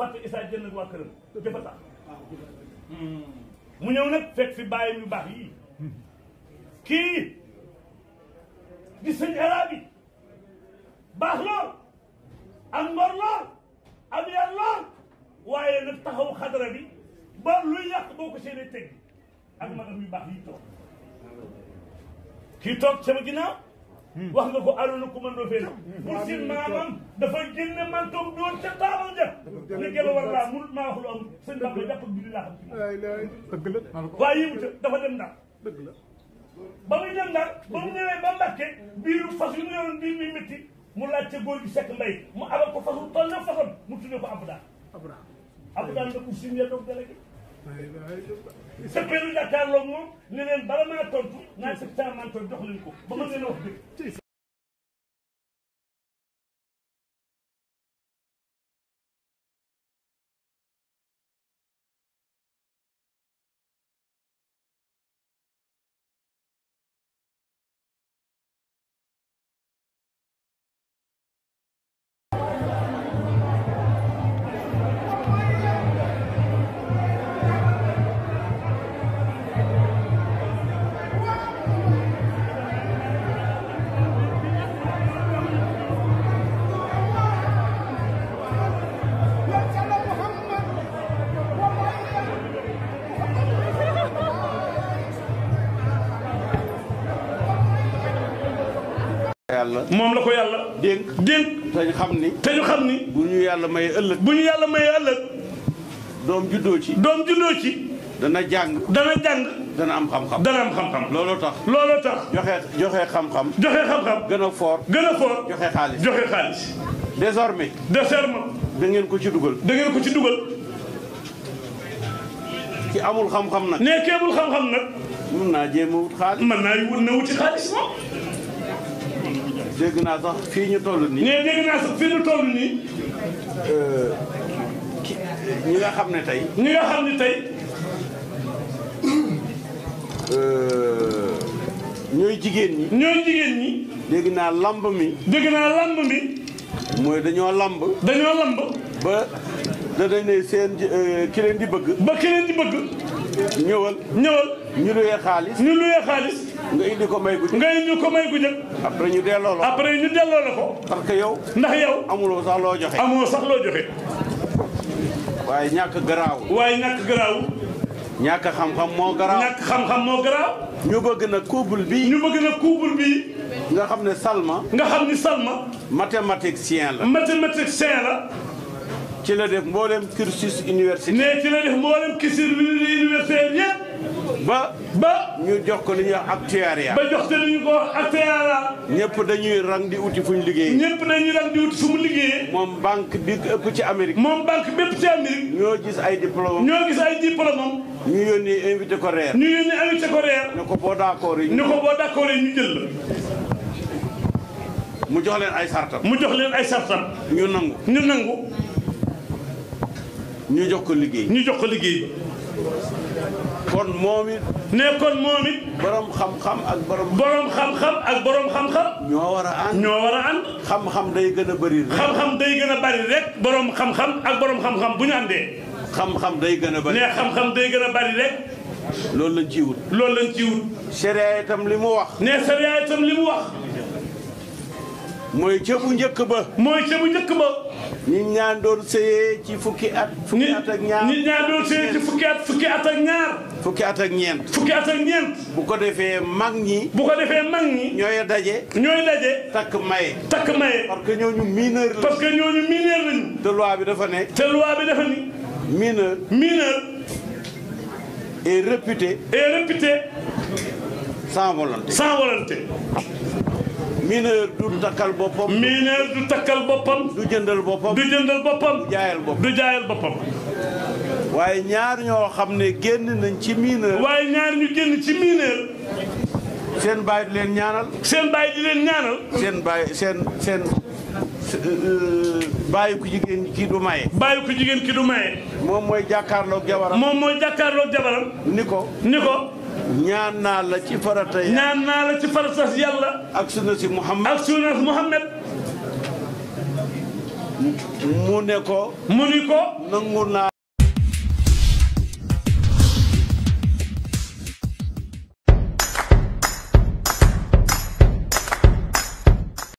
fàtte Issa jënd ak waa sax mu ñëw nag fekk fi bàyyam yu baax yii kii di sëñ araab baax lool ak ngor lool am yar lool waaye nag taxaw xadara bi ba luy yàq boo ko seenee teg ak magam yu baax yi toog kii toog sama ginnaaw Hmm. wax nga ko alalu ku mën doo fee hmm. Hmm. pour si maamam dafa génne mantoom doon ca taabal ja ni gelo war laa mun maa wax lu am sëñ baa nga jàpp bi laa xam dëgg la waaye yimu dafa dem ndax dëgg la ba muy dem ndax ba mu ñëwee ba Mbàkke biiru fas yu mu yoroon biir mi métti mu laaj ca gi sekk mbay mu abal ko fasul toll na fasam mu tuddee ko abdaan abdaan nga pour signer donc délégué sa benn jàkkaarloo moom ne leen bala maa tontu naa sa caamantoon jox leen ko ba mën leen wax dëgg moom la ko yàlla. dénk dénk. te xam ni. te ñu xam ni. bu ñu yàlla mayee ëllëg. bu ñu yàlla mayee ëllëg. doom juddoo ci. doom juddoo ci. dana jàng. dana jàng. dana am xam-xam. dana am xam-xam. looloo tax. looloo tax. joxe joxe xam-xam. joxe xam-xam. gën a fort. gën a fort. joxe xaalis désormais. désormais. da ngeen ko ci dugal. da ko ci dugal. ci amul xam-xam nag. nee ki amul xam-xam nag. mën naa jéem a wut xaalis. mën naa wut na wuti xaalis moom. dégg naa sax fii ñu toll nii. nee dégg naa sax fii ñu toll nii. Euh, ñi nga xam ne tey. ñi nga xam ne tey. Euh, ñooy jigéen ñi. ñooy jigéen ñi. dégg naa lamb mi. dégg naa lamb mi. mooy dañoo lamb. dañoo lamb. ba danañ seen euh, ki leen di bëgg. ba ki leen di bëgg. ñëwal. ñëwal ñu luwee xaalis. ñu luwee xaalis. nga indi ko may gu nga indi ko may gu njëkk. après ñu delloo la ñu delloo ko. parce que yow. ndax yow. amuloo sax loo joxe. amoo sax loo joxe. waaye ñàkk garaaw. waaye ñàkk garaaw. ñàkk xam-xam moo garaaw. ñàkk xam moo garaaw. ñu bëgg na couple bi. ñu bëgg na couple bi. nga xam ne Salma. nga xam ni Salma. mathématicien la. mathématicien la. ci la def mboolem cursus université. ne ci la def mboolem cursus universitaire yëpp. ba ba ñu jox ko li ñuy wax actuariat ba jox ko li ñu ko wax ñëpp dañuy rang di uti fu ñëpp dañuy rang di uti fu moom banque bi ëpp ci Amérique moom banque bépp ci ñoo gis ay diplôme ñoo gis ay diplôme ñu invité ko reer ñu yónni ne ko boo d'accord ñu ne ko boo d'accord ñu jël jox leen ay sartam mu jox leen ay sartam ñu nangu ñu nangu ñu jox ko liggéey ñu jox ko liggéey kon moom it. ne kon moom it. borom xam-xam ak borom. borom xam-xam ak borom xam-xam. ñoo war a ànd ñoo war a ànd. xam-xam day gën a bëri rek. xam-xam day gën a bëri rek borom xam-xam ak borom xam-xam bu ñu àndee. xam-xam day gën a bari ne rek. loolu lañ ciy wut. loolu lañ ciy wut. sariya li mu wax. ne sariya itam li mu wax. mooy ca njëkk ba. mooy ca njëkk ba. nit ñaa doon ci fukki at. fukki at ak ñaar nit fukki at fukki at ak ñaar. fukki at ak ñeent. fukki at ak ñeent. bu ko defee mag ñi. bu ko defee mag ñi. ñooy daje. ñooy daje. takk maye. takk maye. parce que ñoo ñu lañu. parce que ñooñu mineur lañu. te loi bi dafa ne. te loi bi dafa ni. mineur. mineur. est réputé. est réputé. sans volonté. sans mineur du takkal boppam. mineur du takkal boppam. du jëndal boppam. du jëndal boppam. du jaayal boppam du jaayal boppam. waaye ñaar ñoo xam ne génn nañ ci mineur. waaye ñaar ñu génn ci mineur. seen baay di leen ñaanal. seen baay leen ñaanal. seen baay seen seen. Euh, ku ko jigéen kii du maye. bàyyi ko jigéen kii du maye. moom mooy jàkkaarloog jabaram. moom mooy jàkkaarloog jabaram. ni ko. ni ko. ñaan naa la ci farata yàlla ñaan naa la ci farata yàlla. ak sunna si Muhammad ak sunna si Muhammad. mu ne ko. mu ni ko. nangu naa.